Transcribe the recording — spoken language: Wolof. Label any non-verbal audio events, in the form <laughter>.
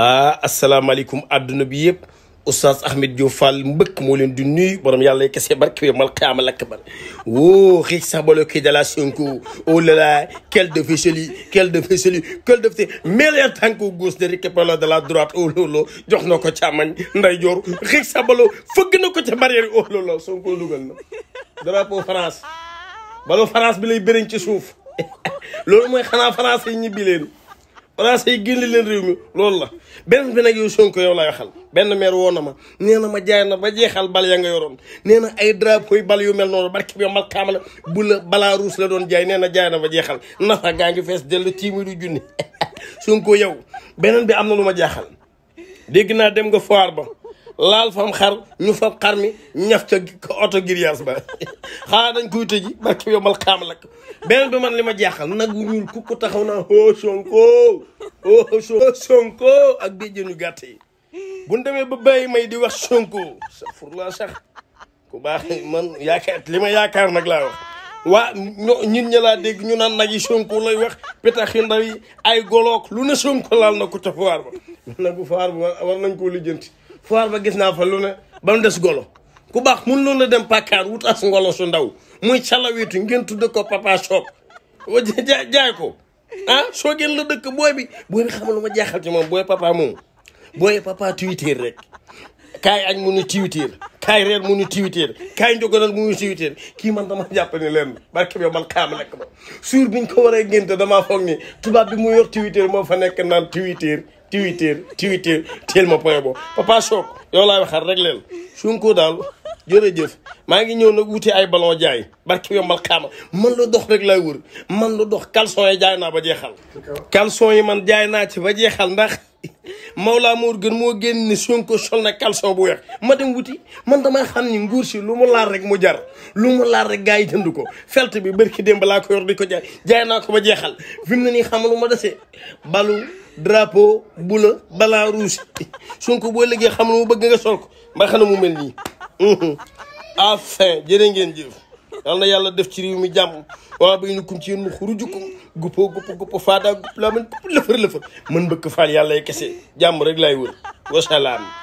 ah asalaamaaleykum àdduna bi yëpp oustaz Ahmed Diop Fall mbëkk moo leen di nuyu borom yàlla yi kese barke bi mal xiyaama lakk bar woo xiig sax balo kii de la Sonko oh là là quel de fait celui quel de fait celui quel de fait meilleur tànk gauche de récupérer de la droite oh lolo jox na ko càmmañ nday joor xiig sax balo fëgg na ko ca barrière oh lolo Sonko dugal na drapeau France balo France bi lay bëriñ ci suuf <laughs> loolu mooy xanaa France yi ñibbi leen français yi génne leen réew mi loolu la benn bi nag yow Sonko yow lay waxal benn maire woo na ma nee na ma jaay na ba jeexal bal ya nga yoroon nee na ay drapeau yu bal yu mel noonu barki bi mal xaama la bu la balaa ruus la doon jaay nee na jaay na ba jeexal nafa gaa ngi fees dellu téeméeri junni <laughs> Sonko yow beneen bi am na lu ma jaaxal dégg naa dem nga foire ba laal fam xar ñu fab xar mi ñaf ca oto grillage ba <laughs> xanaa dañ koy tëji barki yombal xaam lakk beneen bi man li ma jaaxal nag wu ñuul ku ko taxaw naa o oh, Sonko oh, o oh, Sonko ak déjjënu gàtt yi buñ demee ba bàyyi may di wax Sonko safurlaa sax ku baax man yaakaar li ma yaakaar nag laa wax waa ñu ñit ña laa dégg ñu naan nag yi Sonko lay wax pitax yu ndaw ay goloog lu ne Sonko laal na ko ca fawaar ba nagu fawaar ba war nañ koo lijjanti foire ba gis naa fa lu ne ba mu des golo ku baax mun loon a dem pàkkaar wut as ngolo su ndaw muy calawitu ngeen tudde ko papa shop jaay ko ah soo gën la dëkk booy bi booy bi xamal lu ma jaaxal ci moom booy papa moom booy papa Twitter rek kaay añ mu ñu tiwitiir kaay reer mu ñu tiwitiir kaay njogonal mu ñu tiwitiir kii man dama jàpp ne leen barke bi man xaam lekk ba suur biñ ko waree ngénte damaa foog ni tubaab bi mu yor tiwitiir moo fa nekk naan tiwitiir tiwitiir tiwitiir teel ma point bo papa Sock yow laay waxaat rek leen Sonko daal jërëjëf maa ngi ñëw nag wuti ay ballon jaay barke bi man xaama man la dox rek laay wër man la dox caleçon yi jaay naa ba jeexal caleçon yi man jaay naa ci ba jeexal ndax Mawla Mour gën moo génn ne Sonko sol na caleçon bu weex ma dem wuti man damaa xam ni nguur si lu mu laar rek mu jar lu mu laal rek gars yi jënd ko felt bi bërki démb laa ko yor di ko jaay jaay naa ko ba jeexal fi mu ne nii xamalu ma desee balu drapeau bula bala rouge Sonko boo liggéey xam lu mu bëgg nga sol ko mba xana mu mel nii enfin jërë ngeen jëf yal na yàlla def ci réew mi jàmm waa bay nu kum ci yéen mu xurujukum guppoo gupp gupp faadaa gupp laa man gupp lëfër lëfër mën mbëkk faal yàlla kese jàmm rek lay wër wasalaam